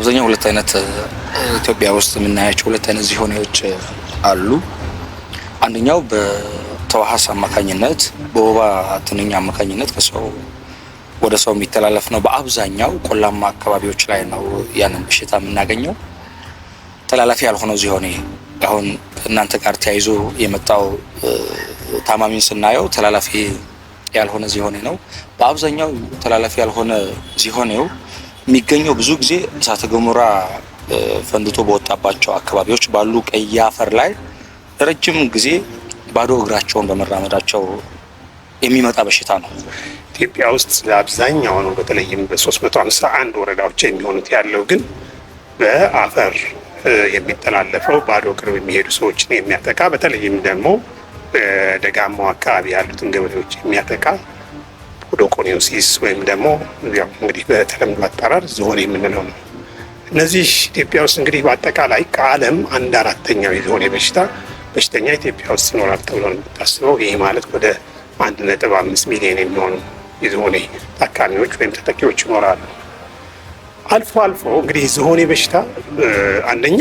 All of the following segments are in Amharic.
በአብዛኛው ሁለት አይነት ኢትዮጵያ ውስጥ የምናያቸው ሁለት አይነት ዝሆኔዎች አሉ። አንደኛው በተዋሃስ አማካኝነት በወባ ትንኛ አማካኝነት ከሰው ወደ ሰው የሚተላለፍ ነው። በአብዛኛው ቆላማ አካባቢዎች ላይ ነው ያንን በሽታ የምናገኘው። ተላላፊ ያልሆነው ዝሆኔ አሁን እናንተ ጋር ተያይዞ የመጣው ታማሚን ስናየው ተላላፊ ያልሆነ ዝሆኔ ነው። በአብዛኛው ተላላፊ ያልሆነ ዝሆኔው የሚገኘው ብዙ ጊዜ እሳተ ገሞራ ፈንድቶ በወጣባቸው አካባቢዎች ባሉ ቀይ አፈር ላይ ረጅም ጊዜ ባዶ እግራቸውን በመራመዳቸው የሚመጣ በሽታ ነው። ኢትዮጵያ ውስጥ አብዛኛው ነው፣ በተለይም በ351 ወረዳዎች የሚሆኑት ያለው ግን በአፈር የሚተላለፈው ባዶ እግር የሚሄዱ ሰዎችን የሚያጠቃ በተለይም ደግሞ ደጋማው አካባቢ ያሉትን ገበሬዎች የሚያጠቃ ዶቆኒዮሲስ ወይም ደግሞ ያው እንግዲህ በተለምዶ አጠራር ዝሆን የምንለው ነው። እነዚህ ኢትዮጵያ ውስጥ እንግዲህ በአጠቃላይ ከዓለም አንድ አራተኛው የዝሆን በሽታ በሽተኛ ኢትዮጵያ ውስጥ ይኖራል ተብሎ ነው የሚታስበው። ይህ ማለት ወደ አንድ ነጥብ አምስት ሚሊዮን የሚሆኑ የዝሆኔ ታካሚዎች ወይም ተጠቂዎች ይኖራሉ። አልፎ አልፎ እንግዲህ ዝሆኔ በሽታ አንደኛ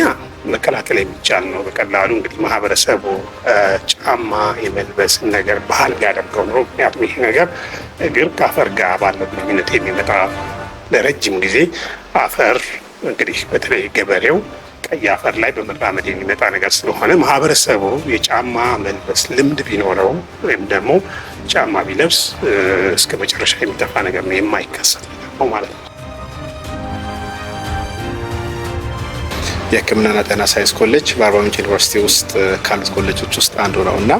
መከላከል የሚቻል ነው። በቀላሉ እንግዲህ ማህበረሰቡ ጫማ የመልበስ ነገር ባህል ያደርገው ኖሮ፣ ምክንያቱም ይህ ነገር እግር ከአፈር ጋር ባለው ግንኙነት የሚመጣ ለረጅም ጊዜ አፈር እንግዲህ በተለይ ገበሬው ቀይ አፈር ላይ በመራመድ የሚመጣ ነገር ስለሆነ ማህበረሰቡ የጫማ መልበስ ልምድ ቢኖረው ወይም ደግሞ ጫማ ቢለብስ እስከ መጨረሻ የሚጠፋ ነገር ነው የማይከሰት ነገር ነው ማለት ነው። የህክምናና ጤና ሳይንስ ኮሌጅ በአርባ ምንጭ ዩኒቨርሲቲ ውስጥ ካሉት ኮሌጆች ውስጥ አንዱ ነው እና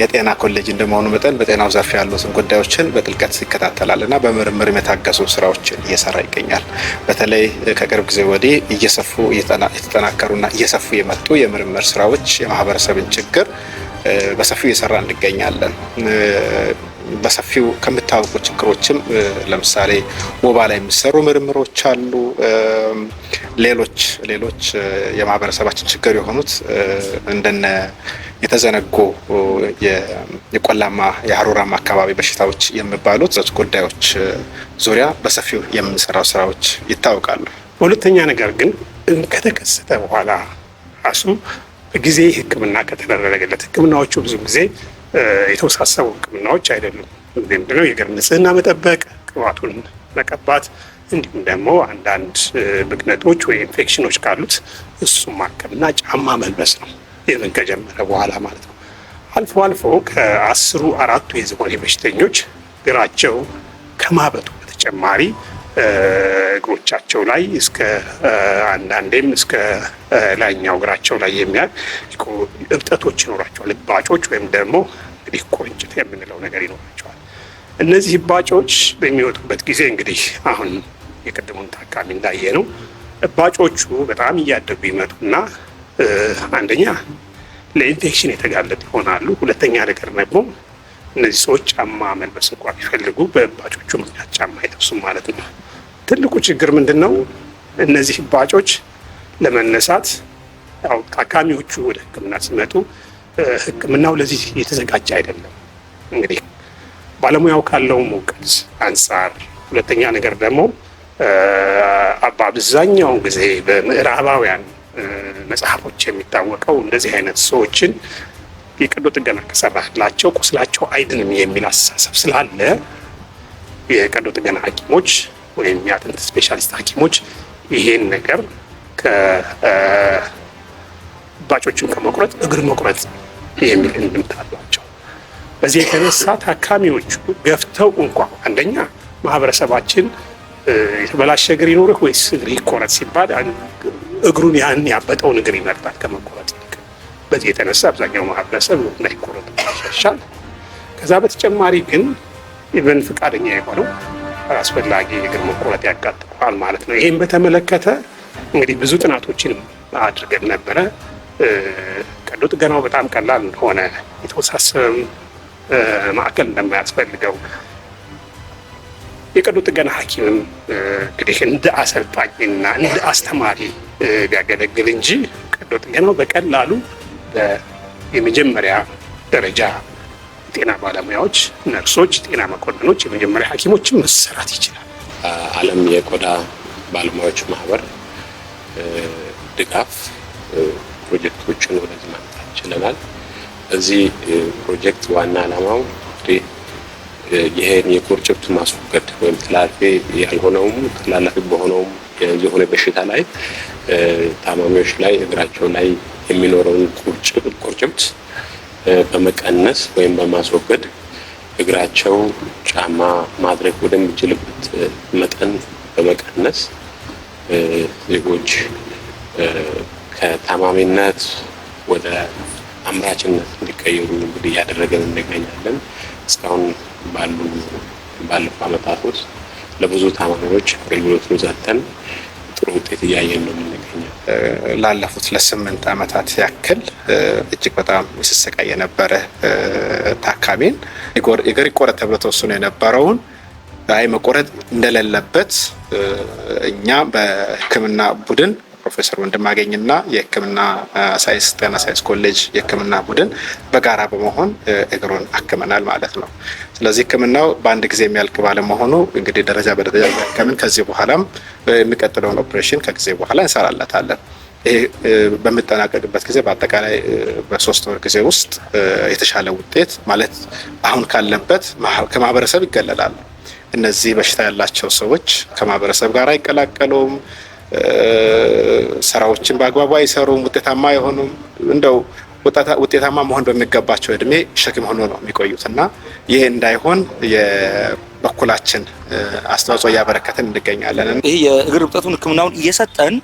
የጤና ኮሌጅ እንደመሆኑ መጠን በጤናው ዘርፍ ያሉትን ጉዳዮችን በጥልቀት ይከታተላል እና በምርምር የታገዙ ስራዎችን እየሰራ ይገኛል። በተለይ ከቅርብ ጊዜ ወዲህ እየሰፉ የተጠናከሩና እየሰፉ የመጡ የምርምር ስራዎች የማህበረሰብን ችግር በሰፊው እየሰራ እንገኛለን። በሰፊው ከምታወቁ ችግሮችም ለምሳሌ ወባ ላይ የሚሰሩ ምርምሮች አሉ። ሌሎች ሌሎች የማህበረሰባችን ችግር የሆኑት እንደነ የተዘነጎ የቆላማ የሀሩራማ አካባቢ በሽታዎች የሚባሉት ጉዳዮች ዙሪያ በሰፊው የምንሰራው ስራዎች ይታወቃሉ። ሁለተኛ ነገር ግን ከተከሰተ በኋላ ራሱ በጊዜ ሕክምና ከተደረገለት ሕክምናዎቹ ብዙ ጊዜ የተወሳሰቡ ህክምናዎች አይደሉም። ምንድነው የገር ንጽህና መጠበቅ፣ ቅባቱን መቀባት እንዲሁም ደግሞ አንዳንድ ብግነቶች ወይ ኢንፌክሽኖች ካሉት እሱም ማከምና ጫማ መልበስ ነው። ይህን ከጀመረ በኋላ ማለት ነው። አልፎ አልፎ ከአስሩ አራቱ የዝሆኔ በሽተኞች ግራቸው ከማበጡ በተጨማሪ እግሮቻቸው ላይ እስከ አንዳንዴም እስከ ላይኛው እግራቸው ላይ የሚያል እብጠቶች ይኖራቸዋል። እባጮች ወይም ደግሞ እንግዲህ ቁርጭት የምንለው ነገር ይኖራቸዋል። እነዚህ እባጮች በሚወጡበት ጊዜ እንግዲህ አሁን የቅድሙን ታካሚ እንዳየ ነው። እባጮቹ በጣም እያደጉ ይመጡና አንደኛ ለኢንፌክሽን የተጋለጡ ይሆናሉ። ሁለተኛ ነገር ደግሞ እነዚህ ሰዎች ጫማ መልበስ እንኳ ቢፈልጉ በእባጮቹ ምክንያት ጫማ አይለብሱም ማለት ነው። ትልቁ ችግር ምንድን ነው? እነዚህ ባጮች ለመነሳት ያው ታካሚዎቹ ወደ ህክምና ሲመጡ ህክምናው ለዚህ የተዘጋጀ አይደለም። እንግዲህ ባለሙያው ካለው ሙቀት አንጻር፣ ሁለተኛ ነገር ደግሞ በአብዛኛው ጊዜ በምዕራባውያን መጽሐፎች የሚታወቀው እንደዚህ አይነት ሰዎችን የቀዶ ጥገና ከሰራላቸው ቁስላቸው አይድንም የሚል አስተሳሰብ ስላለ የቀዶ ጥገና ሐኪሞች ወይም የአጥንት ስፔሻሊስት ሐኪሞች ይሄን ነገር ባጮችን ከመቁረጥ እግር መቁረጥ የሚል እንድምታ አላቸው። በዚህ የተነሳ ታካሚዎቹ ገፍተው እንኳ አንደኛ ማህበረሰባችን የተበላሸ እግር ይኖርህ ወይስ እግር ይቆረጥ ሲባል እግሩን ያን ያበጠውን እግር ይመርጣል ከመቆረጥ ይልቅ። በዚህ የተነሳ አብዛኛው ማህበረሰብ እንዳይቆረጥ ይሻል። ከዛ በተጨማሪ ግን ኢቨን ፈቃደኛ የሆነው አስፈላጊ የግር መቆረጥ ያጋጥመዋል ማለት ነው። ይህም በተመለከተ እንግዲህ ብዙ ጥናቶችን አድርገን ነበረ። ቀዶ ጥገናው በጣም ቀላል እንደሆነ የተወሳሰበም ማዕከል እንደማያስፈልገው የቀዶ ጥገና ሐኪምም እንግዲህ እንደ አሰልጣኝና እንደ አስተማሪ ቢያገለግል እንጂ ቀዶ ጥገናው በቀላሉ የመጀመሪያ ደረጃ ጤና ባለሙያዎች፣ ነርሶች፣ ጤና መኮንኖች፣ የመጀመሪያ ሐኪሞችን መሰራት ይችላል። ዓለም የቆዳ ባለሙያዎች ማህበር ድጋፍ ፕሮጀክቶችን ወደዚህ ማምጣት ችለናል። እዚህ ፕሮጀክት ዋና ዓላማው ይህን የቁርጭብት ማስወገድ ወይም ተላላፊ ያልሆነውም ተላላፊ በሆነውም የሆነ በሽታ ላይ ታማሚዎች ላይ እግራቸው ላይ የሚኖረውን ቁርጭብት በመቀነስ ወይም በማስወገድ እግራቸው ጫማ ማድረግ ወደሚችልበት መጠን በመቀነስ ዜጎች ከታማሚነት ወደ አምራችነት እንዲቀየሩ እንግዲህ እያደረገን እንገኛለን። እስካሁን ባሉ ባለፉ ዓመታት ውስጥ ለብዙ ታማሚዎች አገልግሎቱን ሰጥተን ጥሩ ውጤት እያየን ነው። ላለፉት ለስምንት ዓመታት ያክል እጅግ በጣም ሲሰቃይ የነበረ ታካሚን እግር ይቆረጥ ተብሎ ተወስኖ የነበረውን አይ መቆረጥ እንደሌለበት እኛ በሕክምና ቡድን ፕሮፌሰር ወንድማገኝና የህክምና ሳይንስ ጤና ሳይንስ ኮሌጅ የህክምና ቡድን በጋራ በመሆን እግሩን አክመናል ማለት ነው። ስለዚህ ህክምናው በአንድ ጊዜ የሚያልቅ ባለመሆኑ እንግዲህ ደረጃ በደረጃ እያከምን ከዚህ በኋላም የሚቀጥለውን ኦፕሬሽን ከጊዜ በኋላ እንሰራለታለን። ይሄ በምጠናቀቅበት ጊዜ በአጠቃላይ በሶስት ወር ጊዜ ውስጥ የተሻለ ውጤት ማለት አሁን ካለበት ከማህበረሰብ ይገለላል እነዚህ በሽታ ያላቸው ሰዎች ከማህበረሰብ ጋር አይቀላቀሉም። ስራዎችን በአግባቡ አይሰሩም፣ ውጤታማ አይሆኑም። እንደው ውጤታማ መሆን በሚገባቸው እድሜ ሸክም ሆኖ ነው የሚቆዩት እና ይህ እንዳይሆን የበኩላችን አስተዋጽኦ እያበረከትን እንገኛለን። ይህ የእግር እብጠቱን ሕክምናውን እየሰጠን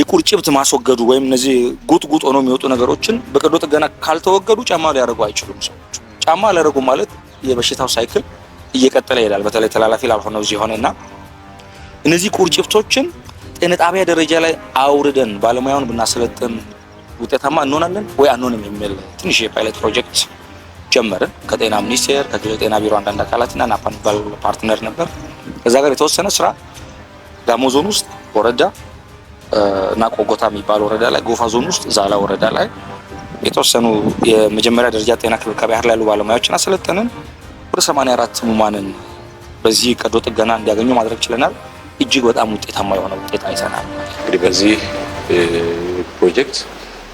የቁርጭብት ማስወገዱ ወይም እነዚህ ጉጥጉጥ ሆነው የሚወጡ ነገሮችን በቀዶ ጥገና ካልተወገዱ ጫማ ሊያደርጉ አይችሉም። ሰዎች ጫማ ሊያደርጉ ማለት የበሽታው ሳይክል እየቀጠለ ይሄዳል። በተለይ ተላላፊ ላልሆነው እዚህ ሆነና እነዚህ ቁርጭብቶችን ጤና ጣቢያ ደረጃ ላይ አውርደን ባለሙያውን ብናሰለጥን ውጤታማ እንሆናለን ወይ አንሆንም የሚል ትንሽ የፓይለት ፕሮጀክት ጀመርን። ከጤና ሚኒስቴር ጤና ቢሮ አንዳንድ አካላትና ናፓ የሚባል ፓርትነር ነበር። ከዛ ጋር የተወሰነ ስራ ጋሞ ዞን ውስጥ ወረዳ እና ቆጎታ የሚባል ወረዳ ላይ፣ ጎፋ ዞን ውስጥ ዛላ ወረዳ ላይ የተወሰኑ የመጀመሪያ ደረጃ ጤና ክብካቤ ባህር ላይ ያሉ ባለሙያዎችን አሰለጠንን። ወደ 84 ህሙማንን በዚህ ቀዶ ጥገና እንዲያገኙ ማድረግ ችለናል። እጅግ በጣም ውጤታማ የሆነ ውጤት አይሰናል። እንግዲህ በዚህ ፕሮጀክት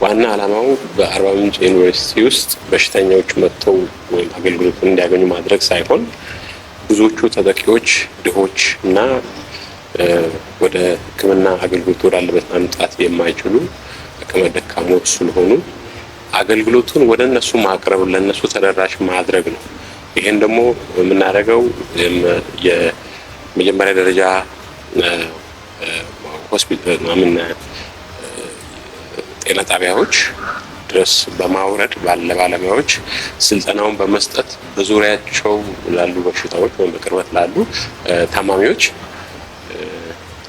ዋና ዓላማው በአርባ ምንጭ ዩኒቨርሲቲ ውስጥ በሽተኛዎች መጥተው ወይም አገልግሎቱን እንዲያገኙ ማድረግ ሳይሆን ብዙዎቹ ተጠቂዎች ድሆች እና ወደ ሕክምና አገልግሎት ወዳለበት ማምጣት የማይችሉ አቅመ ደካሞች ስለሆኑ አገልግሎቱን ወደ እነሱ ማቅረብ ለእነሱ ተደራሽ ማድረግ ነው። ይህን ደግሞ የምናደርገው የመጀመሪያ ደረጃ ሆስፒታል ምናምን ጤና ጣቢያዎች ድረስ በማውረድ ባለ ባለሙያዎች ስልጠናውን በመስጠት በዙሪያቸው ላሉ በሽታዎች ወይም በቅርበት ላሉ ታማሚዎች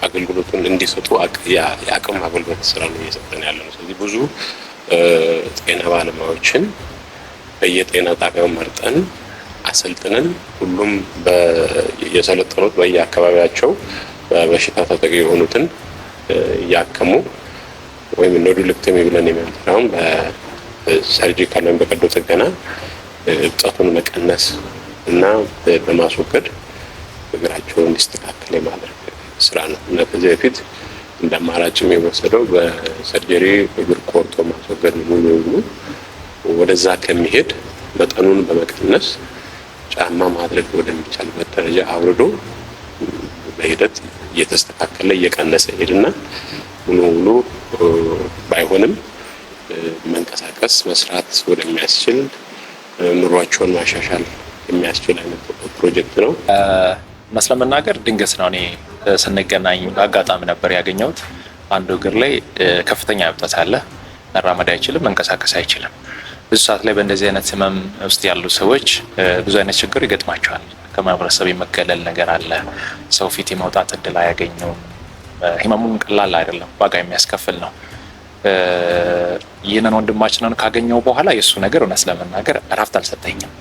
አገልግሎቱን እንዲሰጡ የአቅም አገልግሎት ስራ ነው እየሰጠን ያለ ነው። ስለዚህ ብዙ ጤና ባለሙያዎችን በየጤና ጣቢያው መርጠን አሰልጥነን ሁሉም የሰለጠኑት በየአካባቢያቸው በበሽታ ተጠቂ የሆኑትን እያከሙ ወይም ልክትም ብለን የምንጠራውን በሰርጂካል ወይም በቀዶ ጥገና እብጠቱን መቀነስ እና በማስወገድ እግራቸው እንዲስተካከል የማድረግ ስራ ነው እና ከዚህ በፊት እንደ አማራጭም የወሰደው በሰርጀሪ እግር ቆርጦ ማስወገድ ሙሉ ሙሉ ወደዛ ከሚሄድ መጠኑን በመቀነስ ጫማ ማድረግ ወደሚቻልበት ደረጃ አውርዶ በሂደት እየተስተካከለ እየቀነሰ ይሄድና ሙሉ ሙሉ ባይሆንም መንቀሳቀስ መስራት ወደሚያስችል ኑሯቸውን ማሻሻል የሚያስችል አይነት ፕሮጀክት ነው። መስለ መናገር ድንገት ነው። እኔ ስንገናኝ አጋጣሚ ነበር ያገኘሁት። አንዱ እግር ላይ ከፍተኛ እብጠት አለ። መራመድ አይችልም፣ መንቀሳቀስ አይችልም። ብዙ ሰዓት ላይ በእንደዚህ አይነት ህመም ውስጥ ያሉ ሰዎች ብዙ አይነት ችግር ይገጥማቸዋል። ከማህበረሰብ የመገለል ነገር አለ። ሰው ፊት የመውጣት እድል አያገኘው። ህመሙም ቀላል አይደለም፣ ዋጋ የሚያስከፍል ነው። ይህንን ወንድማችንን ካገኘው በኋላ የእሱ ነገር እውነት ለመናገር እረፍት አልሰጠኝም።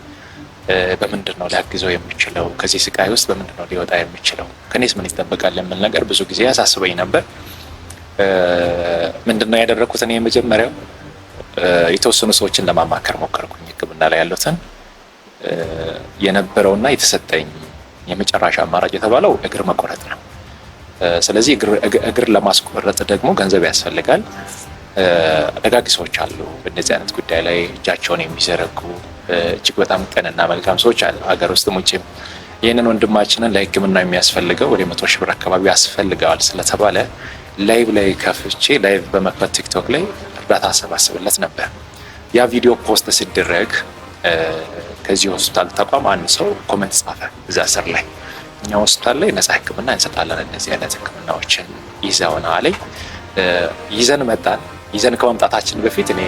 በምንድን ነው ሊያግዘው የሚችለው? ከዚህ ስቃይ ውስጥ በምንድን ነው ሊወጣ የሚችለው? ከኔስ ምን ይጠበቃል የምል ነገር ብዙ ጊዜ ያሳስበኝ ነበር። ምንድን ነው ያደረግኩት? እኔ የመጀመሪያው የተወሰኑ ሰዎችን ለማማከር ሞከርኩኝ፣ ህክምና ላይ ያሉትን የነበረውና የተሰጠኝ የመጨረሻ አማራጭ የተባለው እግር መቆረጥ ነው። ስለዚህ እግር ለማስቆረጥ ደግሞ ገንዘብ ያስፈልጋል። አደጋጊ ሰዎች አሉ፣ በእነዚህ አይነት ጉዳይ ላይ እጃቸውን የሚዘረጉ እጅግ በጣም ቅንና መልካም ሰዎች አሉ፣ ሀገር ውስጥም ውጭም። ይህንን ወንድማችንን ለሕክምና የሚያስፈልገው ወደ መቶ ሺህ ብር አካባቢ ያስፈልገዋል ስለተባለ ላይቭ ላይ ከፍቼ ላይቭ በመክፈት ቲክቶክ ላይ እርዳታ አሰባስብለት ነበር። ያ ቪዲዮ ፖስት ሲደረግ ከዚህ ሆስፒታል ተቋም አንድ ሰው ኮመንት ጻፈ እዛ ስር ላይ እኛ ሆስፒታል ላይ ነጻ ህክምና እንሰጣለን እነዚህ አይነት ህክምናዎችን ይዘውና አለኝ። ይዘን መጣን። ይዘን ከመምጣታችን በፊት እኔ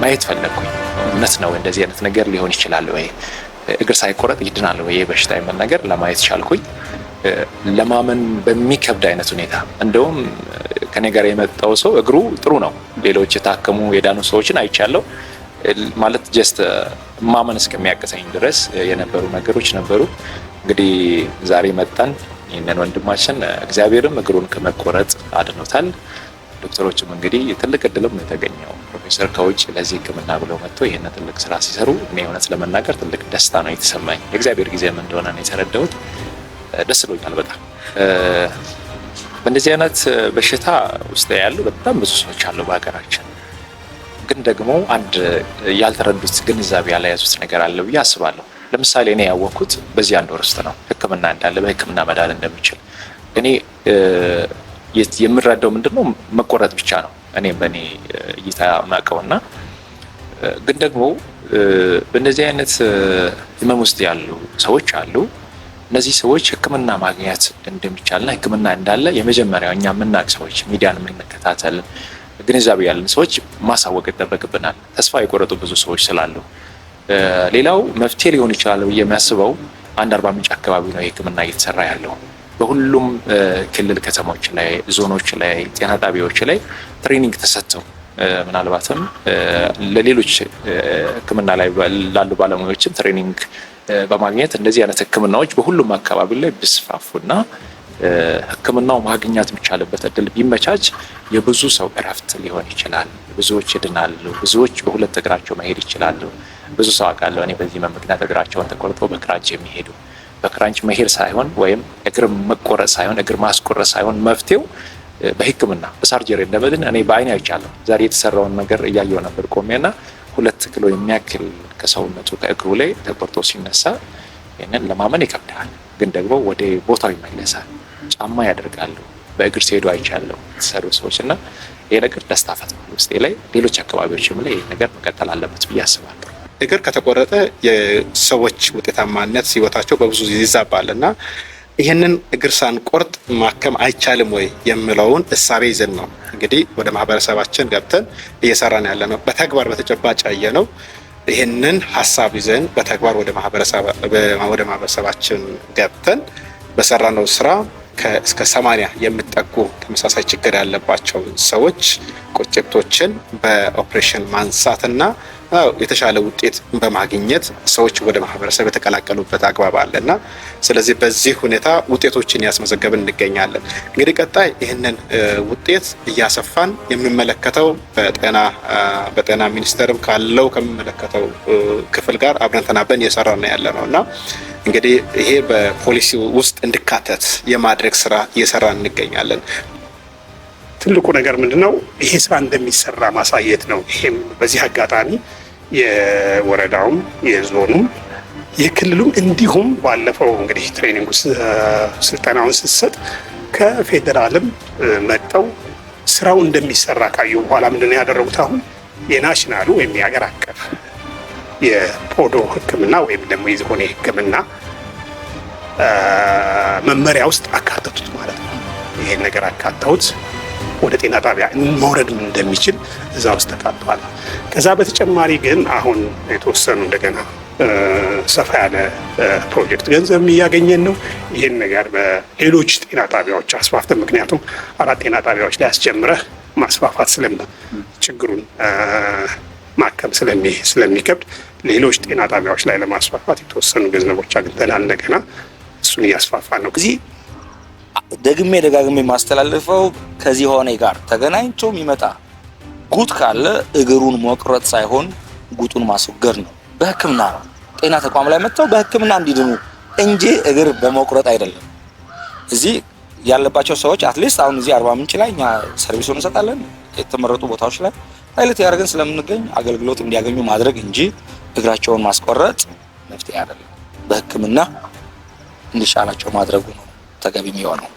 ማየት ፈለግኩኝ። እውነት ነው እንደዚህ አይነት ነገር ሊሆን ይችላል ወይ? እግር ሳይቆረጥ ይድናል ወይ በሽታ የምል ነገር ለማየት ቻልኩኝ። ለማመን በሚከብድ አይነት ሁኔታ እንደውም ከኔ ጋር የመጣው ሰው እግሩ ጥሩ ነው፣ ሌሎች የታከሙ የዳኑ ሰዎችን አይቻለው። ማለት ጀስት uh, ማመን እስከሚያቅተኝ ድረስ uh, የነበሩ ነገሮች ነበሩ። እንግዲህ ዛሬ መጣን። ይህንን ወንድማችን uh, እግዚአብሔርም እግሩን ከመቆረጥ አድኖታል። ዶክተሮችም እንግዲህ ትልቅ እድልም ነው የተገኘው። ፕሮፌሰር ከውጭ ለዚህ ሕክምና ብለው መጥቶ ይህን ትልቅ ስራ ሲሰሩ እኔ እውነት ለመናገር ትልቅ ደስታ ነው የተሰማኝ። የእግዚአብሔር ጊዜም እንደሆነ ነው የተረዳሁት። ደስ ብሎኛል በጣም። በእንደዚህ አይነት በሽታ ውስጥ ያሉ በጣም ብዙ ሰዎች አሉ በሀገራችን ግን ደግሞ አንድ ያልተረዱት ግንዛቤ ያለያዙት ነገር አለ ብዬ አስባለሁ። ለምሳሌ እኔ ያወቅኩት በዚህ አንድ ወር ውስጥ ነው ህክምና እንዳለ በህክምና መዳን እንደሚችል እኔ የምረዳው ምንድን ነው መቆረጥ ብቻ ነው። እኔም በእኔ እይታ ማቀው እና ግን ደግሞ በእነዚህ አይነት ህመም ውስጥ ያሉ ሰዎች አሉ። እነዚህ ሰዎች ህክምና ማግኘት እንደሚቻልና ህክምና እንዳለ የመጀመሪያው እኛ የምናውቅ ሰዎች ሚዲያን የምንከታተል ግንዛቤ ያለን ሰዎች ማሳወቅ ይጠበቅብናል። ተስፋ የቆረጡ ብዙ ሰዎች ስላሉ፣ ሌላው መፍትሄ ሊሆን ይችላል ብዬ የሚያስበው አንድ አርባ ምንጭ አካባቢ ነው የህክምና እየተሰራ ያለው። በሁሉም ክልል ከተሞች ላይ፣ ዞኖች ላይ፣ ጤና ጣቢያዎች ላይ ትሬኒንግ ተሰጥተው ምናልባትም ለሌሎች ህክምና ላይ ላሉ ባለሙያዎችም ትሬኒንግ በማግኘት እንደዚህ አይነት ህክምናዎች በሁሉም አካባቢ ላይ ቢስፋፉና ህክምናው ማግኘት የሚቻልበት እድል ቢመቻች የብዙ ሰው እረፍት ሊሆን ይችላል። ብዙዎች ይድናሉ። ብዙዎች በሁለት እግራቸው መሄድ ይችላሉ። ብዙ ሰው አውቃለሁ እኔ በዚህ ምክንያት እግራቸውን ተቆርጦ በክራንች የሚሄዱ በክራንች መሄድ ሳይሆን ወይም እግር መቆረጥ ሳይሆን እግር ማስቆረጥ ሳይሆን መፍትሄው በህክምና በሳርጀሪ እንደመድን እኔ በአይን አይቻለሁ። ዛሬ የተሰራውን ነገር እያየው ነበር ቆሜና ሁለት ክሎ የሚያክል ከሰውነቱ ከእግሩ ላይ ተቆርጦ ሲነሳ ይህንን ለማመን ይከብዳል፣ ግን ደግሞ ወደ ቦታው ይመለሳል። ጫማ ያደርጋሉ። በእግር ሲሄዱ አይቻለሁ የተሰሩ ሰዎች እና ይህ ነገር ደስታ ፈጥሯል ውስጤ ላይ። ሌሎች አካባቢዎችም ላይ ይህ ነገር መቀጠል አለበት ብዬ አስባለሁ። እግር ከተቆረጠ የሰዎች ውጤታማነት ህይወታቸው በብዙ ይዛባል እና ይህንን እግር ሳንቆርጥ ማከም አይቻልም ወይ የምለውን እሳቤ ይዘን ነው እንግዲህ ወደ ማህበረሰባችን ገብተን እየሰራን ያለ ነው። በተግባር በተጨባጭ ያየ ነው። ይህንን ሀሳብ ይዘን በተግባር ወደ ማህበረሰባችን ገብተን በሰራነው ስራ እስከ 80 የሚጠጉ ተመሳሳይ ችግር ያለባቸው ሰዎች ቁጭቶችን በኦፕሬሽን ማንሳትና የተሻለ ውጤት በማግኘት ሰዎች ወደ ማህበረሰብ የተቀላቀሉበት አግባብ አለና ስለዚህ በዚህ ሁኔታ ውጤቶችን ያስመዘገብን እንገኛለን። እንግዲህ ቀጣይ ይህንን ውጤት እያሰፋን የምንመለከተው በጤና ሚኒስቴርም ካለው ከምንመለከተው ክፍል ጋር አብረን ተናበን እየሰራ ነው ያለ ነው እና እንግዲህ ይሄ በፖሊሲ ውስጥ እንድካተት የማድረግ ስራ እየሰራ እንገኛለን። ትልቁ ነገር ምንድነው? ይሄ ስራ እንደሚሰራ ማሳየት ነው። ይሄም በዚህ አጋጣሚ የወረዳውም የዞኑም የክልሉም እንዲሁም ባለፈው እንግዲህ ትሬኒንግ ስልጠናውን ስትሰጥ ከፌዴራልም መጠው ስራው እንደሚሰራ ካዩ በኋላ ምንድነው ያደረጉት? አሁን የናሽናሉ ወይም የሀገር አቀፍ የፖዶ ህክምና ወይም ደግሞ የዝሆኔ ህክምና መመሪያ ውስጥ አካተቱት ማለት ነው። ይሄን ነገር አካተውት ወደ ጤና ጣቢያ መውረድ እንደሚችል እዛ ውስጥ ተካቷል። ከዛ በተጨማሪ ግን አሁን የተወሰኑ እንደገና ሰፋ ያለ ፕሮጀክት ገንዘብ እያገኘን ነው። ይህን ነገር በሌሎች ጤና ጣቢያዎች አስፋፍተን ምክንያቱም አራት ጤና ጣቢያዎች ላይ አስጀምረህ ማስፋፋት ስለም ችግሩን ማከም ስለሚከብድ ሌሎች ጤና ጣቢያዎች ላይ ለማስፋፋት የተወሰኑ ገንዘቦች አግኝተናል። እንደገና እሱን እያስፋፋ ነው። እዚህ ደግሜ ደጋግሜ የማስተላልፈው ከዚህ ሆኔ ጋር ተገናኝቶ የሚመጣ ጉጥ ካለ እግሩን መቁረጥ ሳይሆን ጉጡን ማስወገድ ነው። በህክምና ጤና ተቋም ላይ መጥተው በህክምና እንዲድኑ እንጂ እግር በመቁረጥ አይደለም። እዚህ ያለባቸው ሰዎች አትሊስት አሁን እዚህ አርባ ምንጭ ላይ እኛ ሰርቪሱን እንሰጣለን። የተመረጡ ቦታዎች ላይ ፓይለት ያደርገን ስለምንገኝ አገልግሎት እንዲያገኙ ማድረግ እንጂ እግራቸውን ማስቆረጥ መፍትሄ አይደለም። በህክምና እንዲሻላቸው ማድረጉ ነው ተገቢ የሚሆነው።